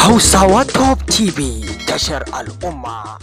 Hausawa Top TV tashar al'umma.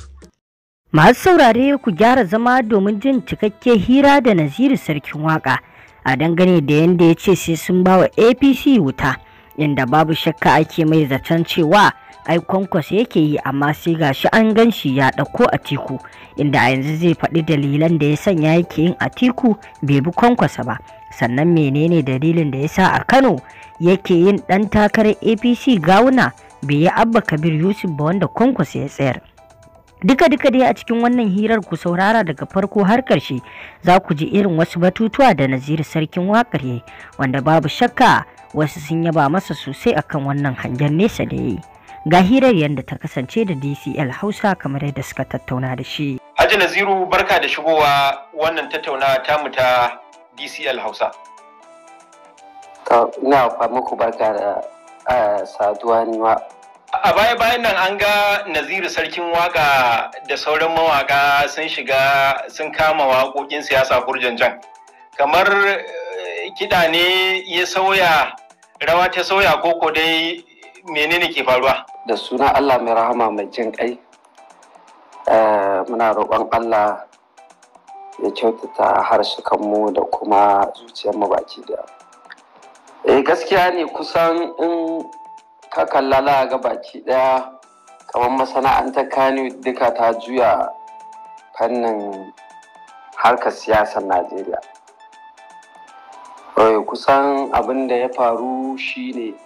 Masu saurare ku gyara zama domin jin cikakke hira da Naziru Sarkin Waka a dangane da yadda ya ce sai sun bawa APC wuta inda babu shakka ake mai zaton cewa ai kwankwas yake yi amma sai ga shi an gan shi ya ɗauko a tiku inda a yanzu zai faɗi dalilan da ya sanya yake yin a tiku bai bi kwankwasa ba sannan menene dalilin da ya sa a Kano yake yin ɗan takarar APC gawuna bai yi abba kabir yusuf ba wanda kwankwasa ya tsayar duka-duka dai a cikin wannan hirar ku saurara daga farko har ƙarshe za ku ji irin wasu batutuwa da naziri sarkin waƙar ya wanda babu shakka wasu sun yaba masa sosai akan wannan hangen nesa da ya ga hirar yadda ta kasance da dcl hausa kamar yadda suka tattauna da shi haji naziru barka da shigowa wannan tattaunawa tamu ta dcl hausa ina muku barka da saduwa ma a baya bayan nan an ga naziru sarkin waka da sauran mawaka sun shiga sun kama waƙoƙin siyasa jan. kamar eh, kiɗa ne ya sauya rawa ta sauya koko dai menene ke faruwa da suna allah mai rahama mai jin kai eh, muna roƙon allah ya kyautata harshe kanmu da kuma zuciyar baki da eh gaskiya ne kusan in ka kalla la ga baki daya kamar masana'antar kano duka ta juya fannin harkar siyasar najeriya eh, kusan abin da ya faru shine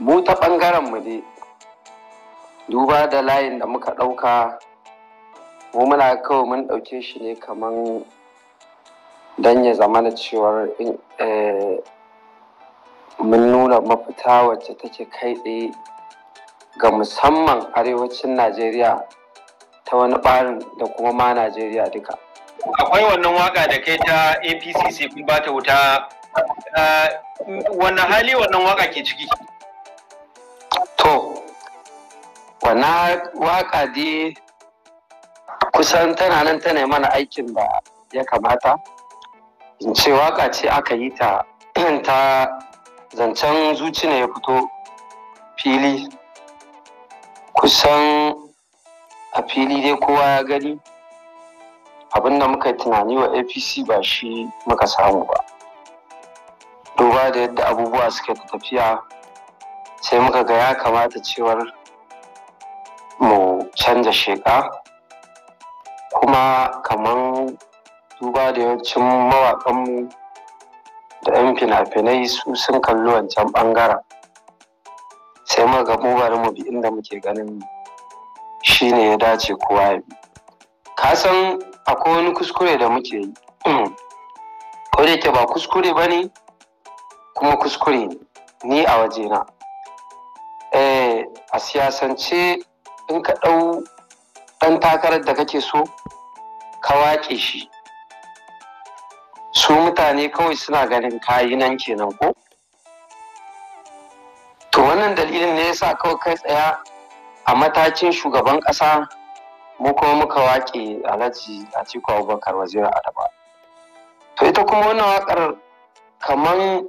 mu ta ɓangaren mu dai duba da layin da muka ɗauka mu muna kawai mun ɗauke shi ne kamar don ya zama zamana cewar eh, mun nuna mafita wacce take kai tsaye ga musamman arewacin najeriya ta wani ɓarin da kuma ma najeriya duka akwai wannan waka da kai ta apcc kun ba ta wuta ah, wannan hali wannan waka ke ciki to wannan waka di kusan tana nan tana mana aikin da ya kamata in ce waka ce aka yi ta ta zancen zuci ne ya fito fili kusan a fili dai kowa ya gani abinda muka yi tunani wa apc ba shi muka samu ba duba da yadda abubuwa suka ta tafiya sai muka ga ya kamata cewar mu canza sheƙa kuma kamar duba da yawancin mawaƙanmu da 'yan fina-finai su sun kalli wancan bangaren sai mu ga mu bari mu bi inda muke ganin shi ne ya dace kowa ya bi ka san akwai wani kuskure da muke yi ko da ke ba kuskure ba ne kuma kuskure ni a wajena eh a siyasance in ka ɗau ɗan takarar da kake so ka waƙe shi su mutane kawai suna ganin kayi nan kenan ko to wannan dalilin ne yasa kawai kai tsaya a matakin shugaban ƙasa mu kuma muka waƙe alhaji a cikin abubakar wazira daba to ita kuma wannan waƙar kamar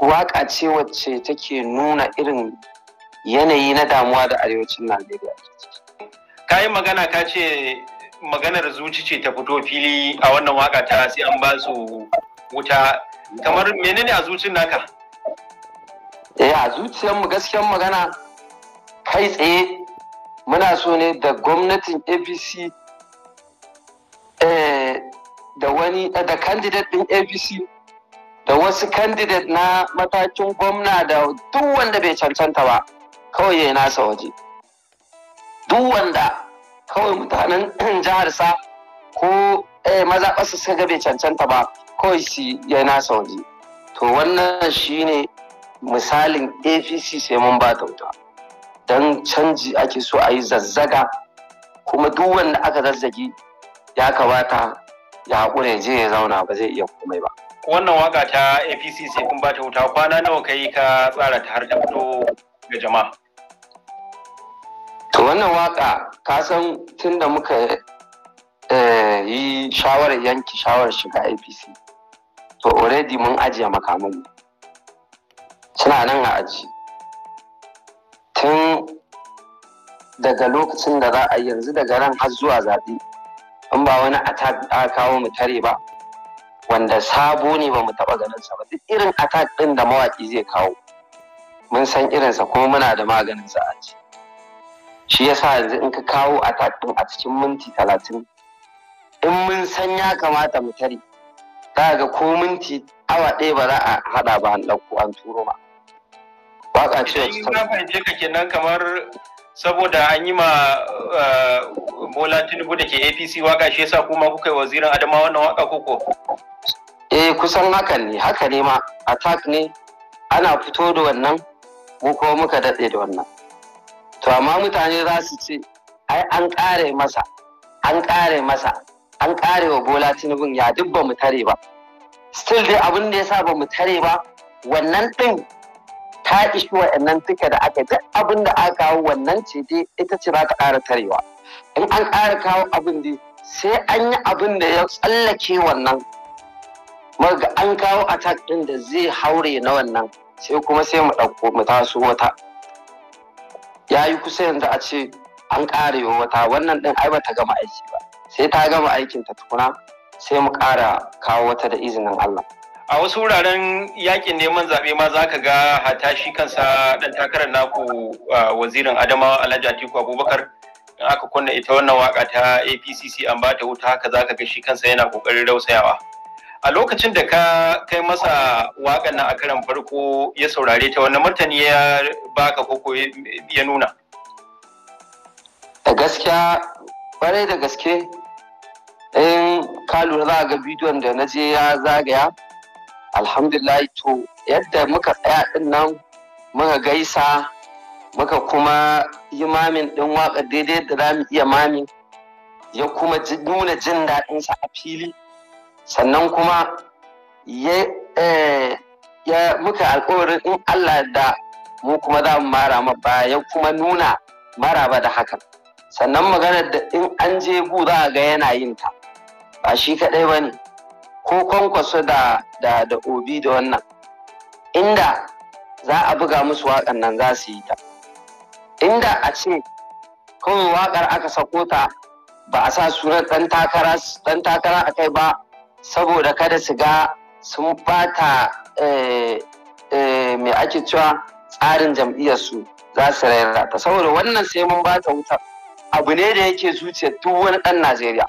waƙa ce wacce take nuna irin yanayi na damuwa da arewacin najeriya ka yi magana ka ce maganar zuci ce ta fito fili a wannan waka ta sai an ba su wuta kamar menene a zuciyar naka eh a zuciyar mu gaskiyar magana kai tsaye muna so ne da gwamnatin APC eh, da wani da candidate din APC da wasu candidate na matakin gwamna da duk wanda bai cancanta ba kawai ya nasa waje duk wanda kawai mutanen jihar sa ko Eh mazaɓarsa suka ga bai cancanta ba kawai shi ya nasa waje to wannan shine misalin apc sai mun ba tauta wuta don canji ake so a yi zazzaga kuma duk wanda aka zazzagi ya kamata ya haƙura ya je ya zauna ba zai iya komai ba wannan waka ta apc sai kun ba tauta wuta kwana nawa kai ka tsara ta har ta fito ga jama'a wannan waka ka san tun da muka eh, yi shawarar yanki shawarar shiga apc to already mun ajiye makamun suna nan a aji tun daga lokacin da za a yanzu daga ran har zuwa zaɓe in ba wani attack aka kawo mu tare ba wanda sabo ne ba mu taɓa ganinsa ba duk irin attack ɗin da mawaƙi zai kawo mun san irinsa kuma muna da maganinsa a ci shi yasa yanzu in ka kawo attack din a cikin minti talatin in mun san ya kamata mu tare za ga ko minti awa ɗaya ba za a haɗa ba an ɗauko an turo ba waka ce wacce ta fahimce ka kenan kamar saboda an yi ma eh, Bola Tinubu da ke APC waka shi yasa kuma kuka yi wazirin Adama wannan waka koko eh kusan haka ne haka ne ma attack ne ana fito da wannan ko kuma muka daɗe da wannan to amma mutane za su ce ai an ƙare masa an kare masa an kare wa bola tinubun ya duk ba mu tare ba still dai abin da ya sa ba mu tare ba wannan din ta ishi tuka da aka duk abin da aka kawo wannan ce dai ita ce za ta ƙara tarewa in an ƙara kawo abin dai sai an yi abin da ya tsallake wannan maga an kawo attack ɗin da zai haure na wannan sai kuma sai mu ɗauko mu taso wata ya yi kusa yanzu a ce an ƙare wata wannan ɗin ai bata gama aiki ba sai ta gama aikin ta tukuna sai mu ƙara kawo wata da izinin Allah. A wasu wuraren yakin neman zaɓe ma za ka ga hata shi kansa ɗan takarar naku wazirin Adamawa Alhaji Atiku Abubakar in aka kunna ita wannan waka ta APCC an ba ta wuta haka za ka ga shi kansa yana ƙoƙarin rausayawa. a lokacin da ka kai masa waƙan nan a karan farko ya saurare ta wani martani ya baka koko ya nuna da gaskiya kwarai da gaske in ka lura za ga bidiyon da na je ya zagaya alhamdulillah to yadda muka tsaya din nan muka gaisa muka kuma yi mamin din waka daidai da za mu iya mamin, ya kuma nuna jin daɗinsa a fili sannan kuma ya eh, muka alkawarin in Allah da mu kuma za mu mara ma baya kuma nuna mara ba da hakan sannan maganar da in an je gu za a ga yana yin ta ba shi kadai ba ne ko kwankwaso da da obi da wannan inda za a buga musu waƙan nan za su yi ta inda a ce kawai waƙar aka sako ta ba a sa sunan ɗan takara a kai ba saboda kada su ga sun bata eh, eh, mai ake cewa tsarin jam'iyyarsu za su raira saboda wannan sai mun bata wuta abu ne da yake zuciya duk wani ɗan najeriya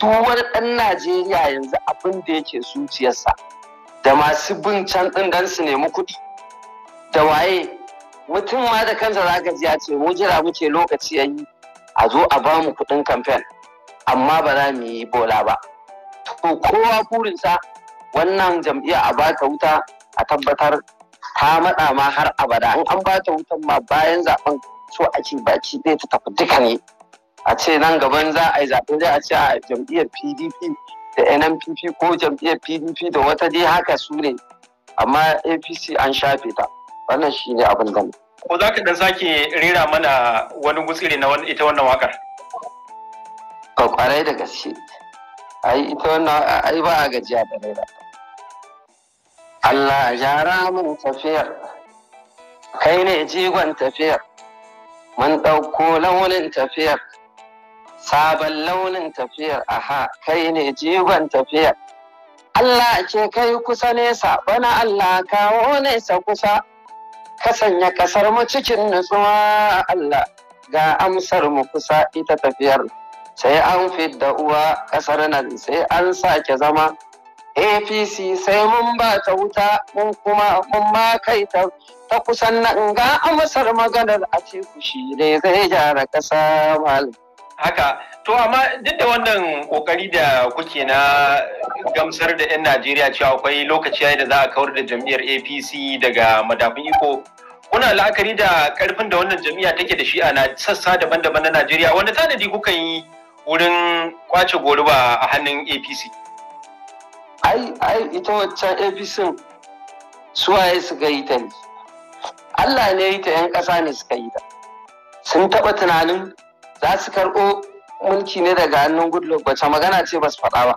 duk wani ɗan najeriya yanzu abin da yake zuciyarsa da masu bin can ɗin don su nemi kuɗi da waye mutum ma da kansa za ka ji ya ce mu jira muke lokaci yayi a zo a ba mu kuɗin kamfen amma ba za mu yi bola ba to kowa burinsa wannan jam'iyya a ba ta wuta a tabbatar ta maɗa ma har abada in an ba ta wutan ma bayan zaben so ake baki ɗaya ta tafi duka ne a ce nan gaban za a yi zaɓe za a ce a jam'iyyar pdp da nnpp ko jam'iyyar pdp da wata dai haka su ne amma apc an shafe ta wannan shi ne abin gani ko za ka ɗan sake rera mana wani gutsiri na ita wannan wakar ƙwarai da gaske ai ita wannan ai ba a gajiya da raira Allah a jara tafiyar kai ne jigon tafiyar mun ɗauko launin tafiyar sabon launin tafiyar aha kai ne jigon tafiyar Allah ke kai kusa nesa bana Allah kawo nesa kusa ka sanya kasar mu cikin nutsuwa Allah ga amsar mu kusa ita tafiyar sai an fidda uwa kasar nan sai an sake zama apc sai mun ba ta wuta mun kuma mun ma kai ta kusan nan ga amsar maganar a teku shi ne zai gyara kasa mal haka to amma duk da wannan kokari da kuke na gamsar da 'yan najeriya cewa akwai lokaci da za a kawar da jam'iyyar apc daga madafin iko kuna la'akari da karfin da wannan jam'iyya take da shi a sassa daban-daban na najeriya wanda tanadi kukan yi wurin kwace goruba a hannun apc ai ai ita waccan apc suwaye suka yi ta ne allah ne yi ta 'yan ƙasa ne suka yi ta sun taɓa tunanin za su karɓo mulki ne daga hannun goodluck wacce magana ce ba su faɗa ba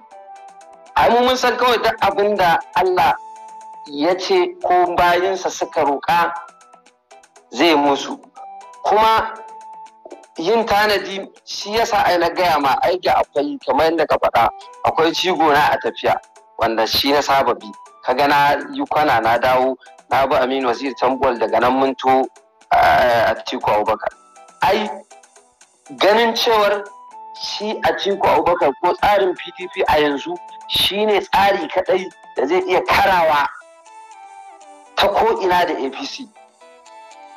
ai mu mun san kawai duk abin da allah ya ce ko bayinsa suka roƙa zai musu kuma yin tanadi shi yasa ai na gaya ma aiki akwai kamar yadda ka faɗa akwai cigo na a tafiya wanda shi na saba bi ga na yi kwana na dawo na bi Aminu wasir Tambol daga nan to eh, a Tiku Abubakar ai ganin cewar shi a Tiku Abubakar ko tsarin PDP a yanzu shi ne tsari kaɗai da zai iya karawa ta ko ina da APC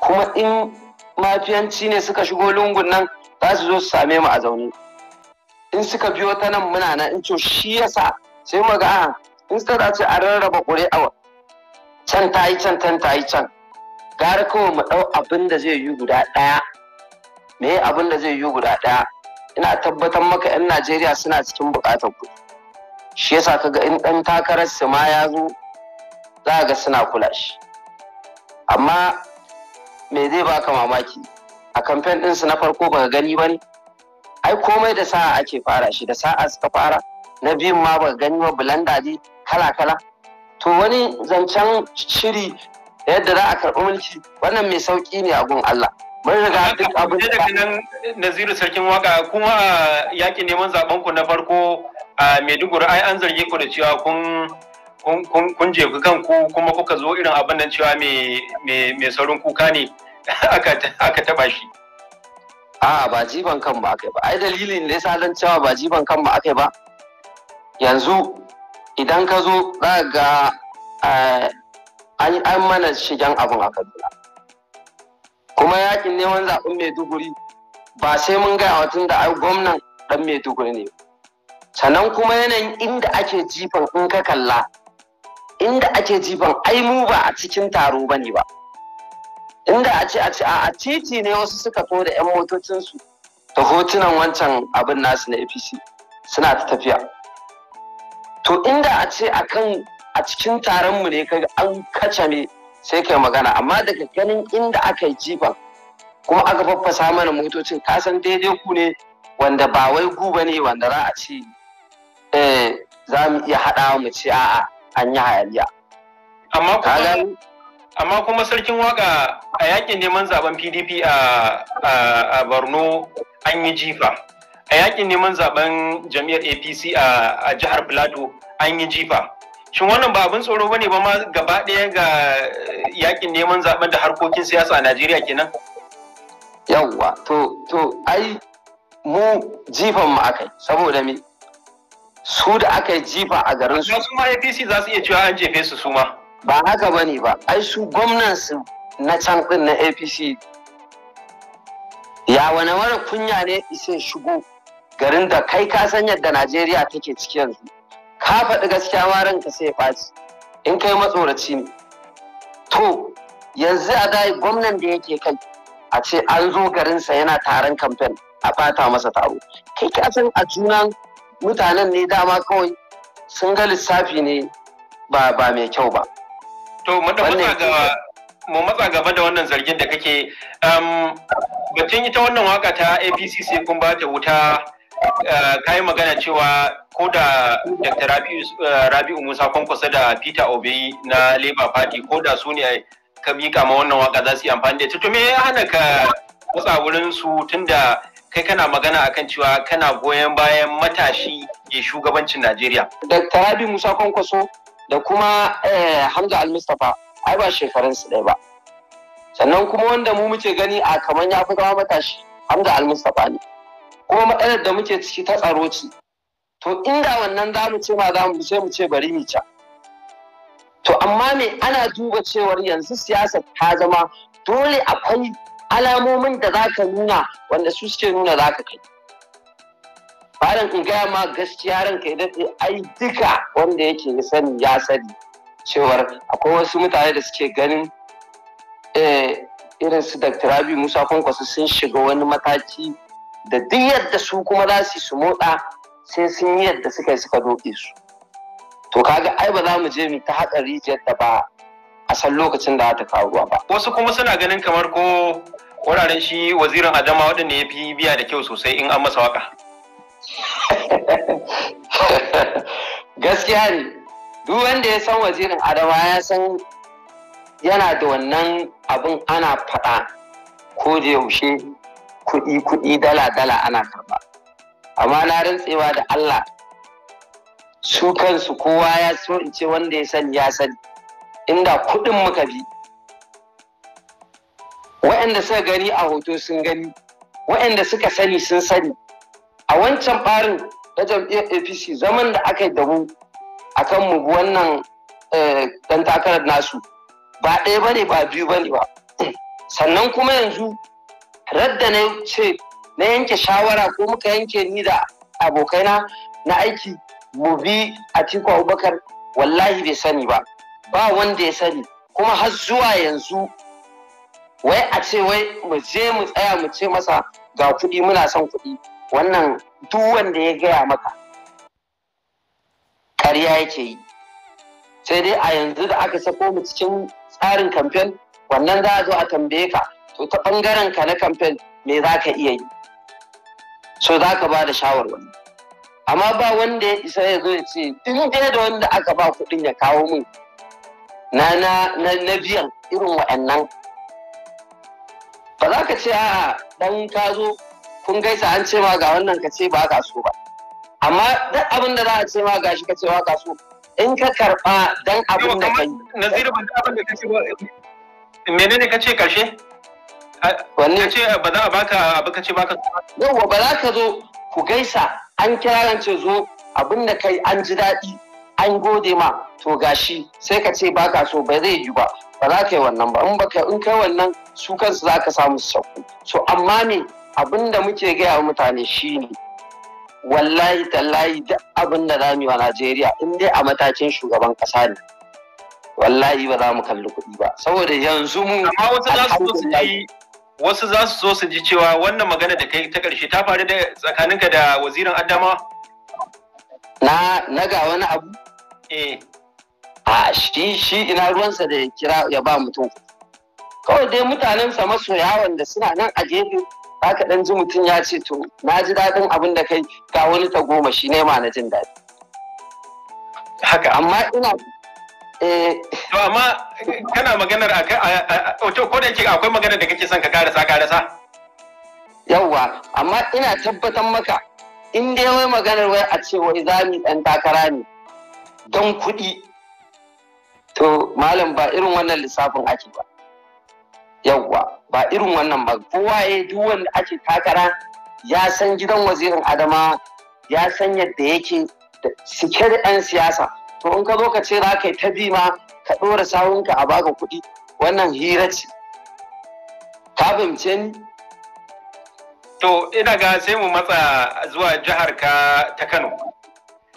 kuma in mafiyanci ne suka shigo lungun nan za su zo su same mu a zaune in suka biyo ta nan muna nan in ce shi yasa sai mu ga ah, in suka dace a rarraba ƙuri'a can ta yi can can ta yi can gara kawai mu ɗau abin da zai yi guda ɗaya me abin da zai yi guda ɗaya ina tabbatar maka 'yan najeriya suna cikin buƙatar kuɗi shi yasa ga in ɗan takarar su ma ya zo za ga suna kula shi amma me zai baka mamaki a kamfen ɗinsu na farko baka gani ba ne ai komai da sa'a ake fara shi da sa'a suka fara na biyun ma baka gani ba bulanda ne kala kala to wani zancen shiri yadda za a karɓi mulki wannan mai sauƙi ne a gun Allah mun riga duk abin da nan Naziru sarkin waka kuma yakin neman zaben ku na farko a Maiduguri ai an zarge ku da cewa kun kun jefi kanku kuma kuka zo irin abin nan cewa mai saurin kuka ne aka taba shi. A'a ba jiban kan ba aka yi ba, ai dalilin da yasa don cewa ba jiban kan ba aka yi ba. Yanzu idan ka zo za ga eh, an mana shigen abin a Kaduna. Kuma yakin neman zaɓen Maiduguri ba sai mun gaya wa tun da ai gwamnan ɗan Maiduguri ne. Sannan kuma yanayin inda ake jifan in ka kalla inda ake jifan ai mu ba a cikin taro ba ne ba inda a ce a ce a titi ne wasu suka to da 'yan motocinsu da hotunan wancan abin nasu na apc suna ta tafiya to inda a ce a kan a cikin taron mu ne kai an ne sai kai magana amma daga ganin inda aka yi jifan kuma aka faffasa mana motocin kasan daidai ku ne wanda ba wai guba ne wanda za a ce eh, za mu iya haɗa mu ce a'a an yi hayaniya amma kuma amma kuma sarkin waka a yakin neman zaben pdp a borno an yi jifa a yakin neman zaben jami'ar apc a jihar plateau an yi jifa shin wannan ba abin tsoro bane ba ma gaba ɗaya ga yakin neman zaben da harkokin siyasa a najeriya kenan yawwa to to ai mu jifan mu yi, saboda me su da aka yi jifa a garin su. Su ma APC za su iya cewa an jefe su su ma. Ba haka ba ne ba, ai su gwamnan su na can ɗin na APC ya wane mara kunya ne isa shigo garin da kai ka san yadda Najeriya take ciki yanzu. Ka faɗi gaskiya ma ranka sai ɓaci in kai matsoraci ne. To yanzu a dai gwamnan da yake kai a ce an zo garinsa yana taron kamfen a fata masa taro. Kai ka san a junan mutanen ne dama kawai sun ga lissafi ne ba ba mai kyau ba to mu matsa gaba da wannan zargin da kake batun ita wannan waka ta apc sai kun ba ta wuta ka magana cewa ko da dr rabi'u musa kwankwasa da peter Obey na labour party ko da su ne ka miƙa ma wannan waka za su yi amfani da ita to me ya hana ka matsa wurin su da. kai kana magana akan cewa kana goyon bayan matashi ke shugabancin Najeriya. Dr. Rabi Musa Kwankwaso da kuma eh, Hamza Al-Mustapha ai ba shekarun su ɗaya ba. Sannan kuma wanda mu muke gani a kamar ya fi zama matashi Hamza Al-Mustapha ne. Kuma matsalar da muke ciki ta tsaro ce. To inda wannan za mu ce ma za mu sai mu ce bari mu ca. To amma me ana duba cewar yanzu siyasa ta zama dole akwai alamomin da za ka nuna wanda su suke nuna za ka kai bayan in gaya ma gaskiya ranka idan ai duka wanda yake sani ya sani cewar akwai wasu mutane da suke ganin eh, irin su Dr. Rabi Musa Kwankwaso sun shiga wani mataki da duk yadda su kuma za su su motsa sai sun yi yadda suka yi suka doke su. To kaga ai ba za mu je mu ta haɗa rijiyar da ba a san lokacin da ta kawo ruwa ba wasu kuma suna ganin kamar ko wuraren shi wazirin adama waɗanda ya fi biya da kyau sosai in an masa waka gaskiya ne duk wanda ya san wazirin adama ya san yana da wannan abin ana faɗa ko da yaushe kuɗi kuɗi dala dala ana karɓa amma na rantsewa da Allah su kansu kowa ya so in ce wanda ya sani ya sani inda kuɗin muka bi waɗanda suka gani a hoto sun gani waɗanda suka sani sun sani a wancan farin na jam'iyyar apc zaman da aka yi da mu a kan mu wannan eh, ɗan takarar nasu ba ɗaya ba ne ba biyu ba ne ba sannan kuma yanzu radda na ce na yanke shawara ko muka yanke ni da abokaina na aiki mu bi a tiku abubakar wallahi bai sani ba ba wanda ya sani kuma har zuwa yanzu wai a ce wai mu je mu tsaya mu ce masa ga kuɗi muna son kuɗi wannan duk wanda ya gaya maka ƙarya yake yi sai dai a yanzu da aka sako mu cikin tsarin kamfen wannan za a zo a tambaye ka to ta ɓangaren ka na kamfen me za ka iya yi so za ka ba da shawarwari amma ba wanda ya isa ya zo ya ce duk da wanda aka ba kuɗin ya kawo min na na na biyan irin wa'annan ba za ka ce a dan ka zo kun gaisa an ce ma ga wannan ka ce ba ka so ba amma duk abin da za a ce ma ga shi ka ce ba ka so in ka karba dan abin da kai naziru ban abin da kace menene ka ce karshe wanne ce ba za a baka abu ka so yauwa ba za ka zo ku gaisa an kira ce zo abin da kai an ji daɗi an gode ma to gashi sai ka ce ba ka so ba zai yi ba ba za ka yi wannan ba in ba ka in kai wannan su kansu za ka samu sauku so amma ne abin da muke gaya wa mutane shine wallahi tallahi duk abin da za mu yi wa Najeriya in dai a matakin shugaban kasa ne wallahi ba za mu kalli kuɗi ba saboda yanzu mu amma wasu za su su ji wasu za su so su ji cewa wannan magana da kai ta ƙarshe ta faru da tsakaninka da wazirin Adama na na ga wani abu eh a shi shi ina ruwansa da ya kira ya ba mutum kawai dai mutanensa masoya wanda suna nan a gefe za ka ɗan ji mutum ya ce to na ji daɗin abin da kai ga wani ta goma shi ne ma na jin daɗi haka amma ina eh. to amma kana maganar a ko da yake akwai magana da kake son ka karasa karasa yawwa amma ina tabbatar maka in dai wai maganar wai a ce wai za dan ɗan takara ne don kuɗi to malam ba irin wannan lissafin ake ba yawwa ba irin wannan ba kowa ya duk wanda ake takara ya san gidan wazirin adama ya san yadda yake da da ɗan siyasa to in ka zo ka ce za ka yi ta bi ma ka ɗora sawunka a baka kuɗi wannan hira ce ka fahimce ni to ina ga sai mu matsa zuwa jihar ka ta kano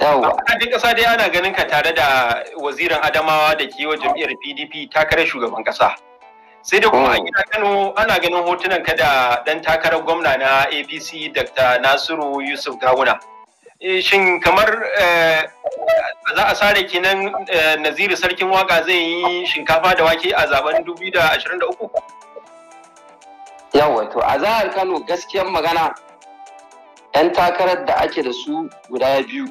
Yawwa. A cikin ƙasa dai ana ganin ka tare da wazirin Adamawa da ke jam'iyyar PDP takarar shugaban ƙasa. Sai da kuma a oh. gida Kano ana ganin hotunan ka da ɗan takarar gwamna na APC Dr. Nasiru Yusuf Gawuna. Eh, shin kamar eh, za a sare kenan eh, Naziru Sarkin Waka zai yi shinkafa da wake a zaben 2023? Yawwa to a jihar Kano gaskiyar magana 'yan takarar da ake da su guda biyu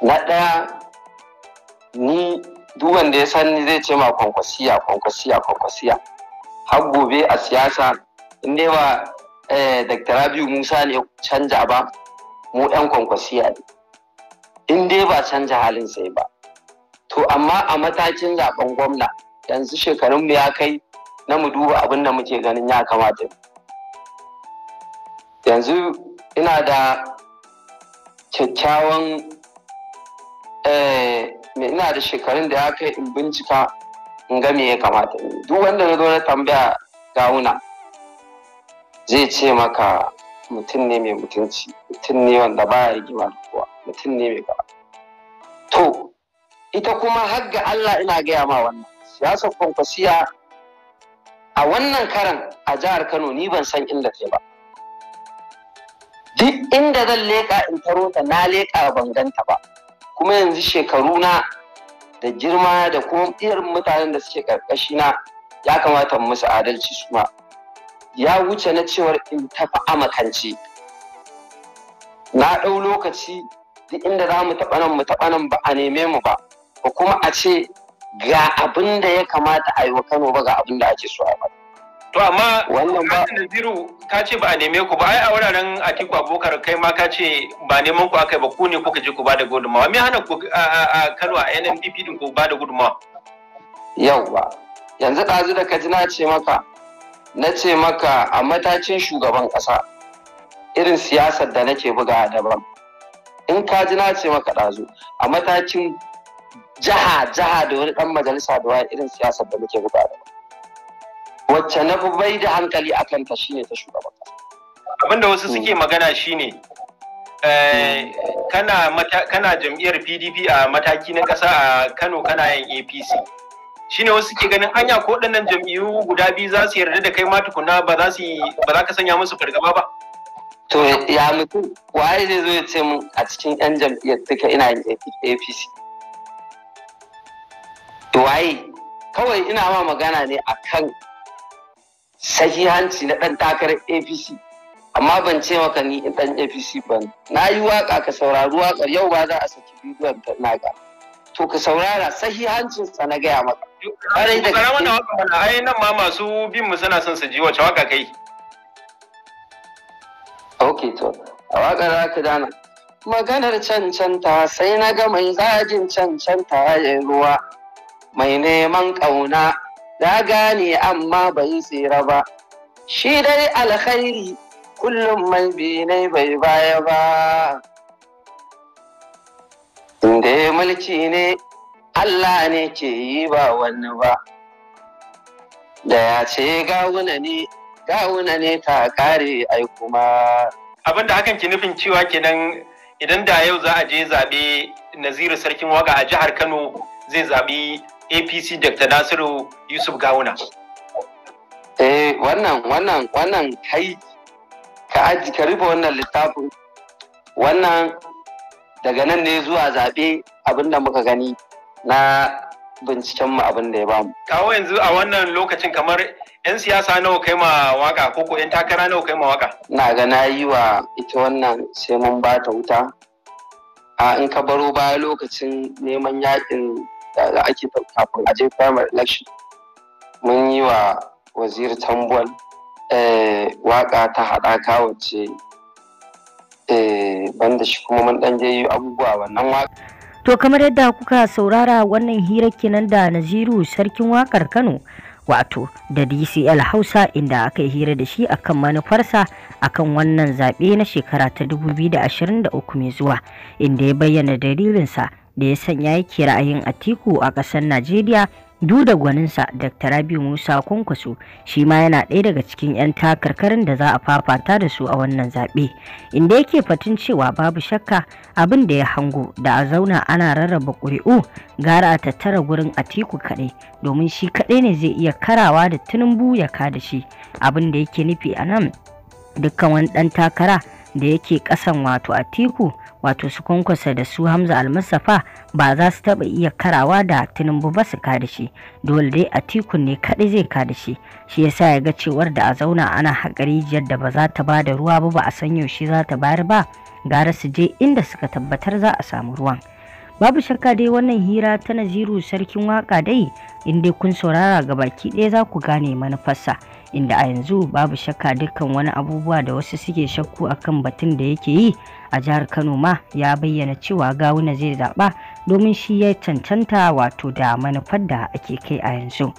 na ɗaya ni duk wanda ya sani zai ce ma kwankwasiya kwankwasiya kwankwasiya har gobe a siyasa in dai ba eh, Dr. Rabiu Musa ne canja ba mu ɗan kwankwasiya ne in dai ba canja halin sai ba to amma a matakin zaben gwamna yanzu shekarun mu ya kai na mu duba abin da muke ganin ya kamata yanzu ina da kyakkyawan Eh, ina da shekarun da ya kai in bincika in ga me ya kamata duk wanda na zo na tambaya gawuna zai ce maka mutum ne mai mutunci mutum ne wanda ba ya rigima da kowa mutum ne mai kawa to ita kuma har ga Allah ina gaya ma wannan siyasar kwankwasiya a wannan karan a jihar Kano ni ban san inda ta ba duk inda zan leƙa in taro ta na leka ban ganta ba kuma yanzu shekaru na da girma da kuma irin mutanen da suke karkashi na ya kamata musu adalci su ya wuce na cewar in tafi amakance na ɗau lokaci duk inda za mu taɓa nan mu taɓa nan ba a neme mu ba ba kuma a ce ga abin da ya kamata a yi wa kano ba ga abin da ake so a To amma Hassan da Zero ka ce ba a neme ku ba ai a wuraren Atiku Abubakar kai ma ka ce ba neman ku aka yi ba ku ne kuka je ku ba da gudunmawa me hana ku a Kano a NNPP din ku ba da gudunmawa Yauwa yanzu ɗazu da kaji na ce maka na ce maka a matakin shugaban ƙasa irin siyasar da nake buga daban in ka ji na ce maka ɗazu a matakin jiha jiha da wani ɗan majalisa da wani irin siyasar da nake buga daban wacce na fi bai da hankali a kanta shine ta abin abinda wasu hmm. suke magana shine eh, kana kana jam'iyyar PDP a mataki na ƙasa a Kano kana yin APC shine wasu ke ganin hanya ko ɗannan jam'iyyu guda biyu za su yarda da kai ma tukuna ba za ka sanya musu fargaba ba to ya mutum waye zai zo ya ce mun a cikin yan jam'iyyar duka ina yin APC waye kawai ina ma magana ne a akan sahihanci na ɗan takarar apc amma ban ce maka ni in ɗan apc ba na yi waƙa ka saurari waƙar yau ba za a saki bidiyon ta naga to ka saurara sahihancinsa na gaya maka ƙwarai da gaske ai nan ma masu bin mu suna son su ji wace waƙa kai ok to a waƙar za ka dana maganar cancanta sai na ga mai zajin cancanta ya ruwa mai neman ƙauna na gane amma bai tsira ba shi dai alkhairi kullum mai binai bai baya ba inda ya mulki ne Allah ne ke yi ba wani ba da ya ce gawuna ne gawuna ne ta kare ai kuma abinda hakan ke nufin cewa kenan idan da yau za a je zaɓe naziru sarkin waga a jihar kano zai zabi apc dr nasiru yusuf gawuna eh wannan wannan wannan kai ka aji ka rufe wannan littafin wannan daga nan ne zuwa zaɓe abinda muka gani na binciken mu abin da ya bamu kawo yanzu a wannan lokacin kamar 'yan siyasa nawa kai ma waka ko ko 'yan takara nawa kai ma waka na ga na yi wa ita wannan sai mun ba ta wuta a in ka baro baya lokacin neman yakin da ake kafin a je primary election mun yi wa wazir tambol eh, waka ta haɗaka wacce eh, banda shi kuma mun ɗan je abubuwa wannan waka to kamar yadda kuka saurara wannan hirar kinan da naziru sarkin wakar kano wato da dcl hausa inda aka yi hira da shi akan manufarsa akan wannan zaɓe na shekara ta 2023 mai zuwa inda ya bayyana dalilinsa da ya sanya yake ra'ayin Atiku a ƙasar Najeriya Duda gwaninsa Dr. Rabi Musa Kwankwaso shi ma yana ɗaya daga cikin 'yan takarkarin da za a fafata da su a wannan zaɓe, inda yake fatin cewa babu shakka abin da ya hango da a zauna ana rarraba ƙuri'u gara a tattara gurin Atiku kaɗai domin shi kaɗai ne zai iya karawa da Tinubu ya da shi abin da yake nufi a nan dukkan wani ɗan takara da yake ƙasan wato Atiku wato su kwankwasa da su hamza almustapha ba za su taba iya karawa da tinubu ba su kada shi dole dai a tikun ne kaɗai zai kada shi shi yasa ya ga cewar da a zauna ana haƙari jiyar da ba za ta ba da ruwa ba ba a san yaushe za ta bayar ba gara su je inda suka tabbatar za a samu ruwan babu shakka dai wannan hira ta naziru sarkin waka dai inda kun saurara ga baki ɗaya za ku gane manufarsa inda a yanzu babu shakka dukkan wani abubuwa da wasu suke shakku akan batun da yake yi a jihar kano ma ya bayyana cewa gawuna zai zaɓa domin shi ya cancanta wato da manufar da ake kai a yanzu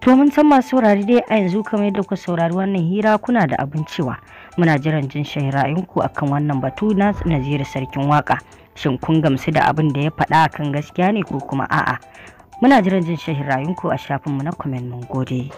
to mun san masu saurari dai a yanzu kamar yadda ku saurari wannan hira kuna da abin cewa muna jiran jin shahira'inku akan wannan batu na naziru sarkin waka shin kun gamsu da abin da ya faɗa akan gaskiya ne ko kuma a'a muna jiran jin shahira'inku a shafinmu na comment mun gode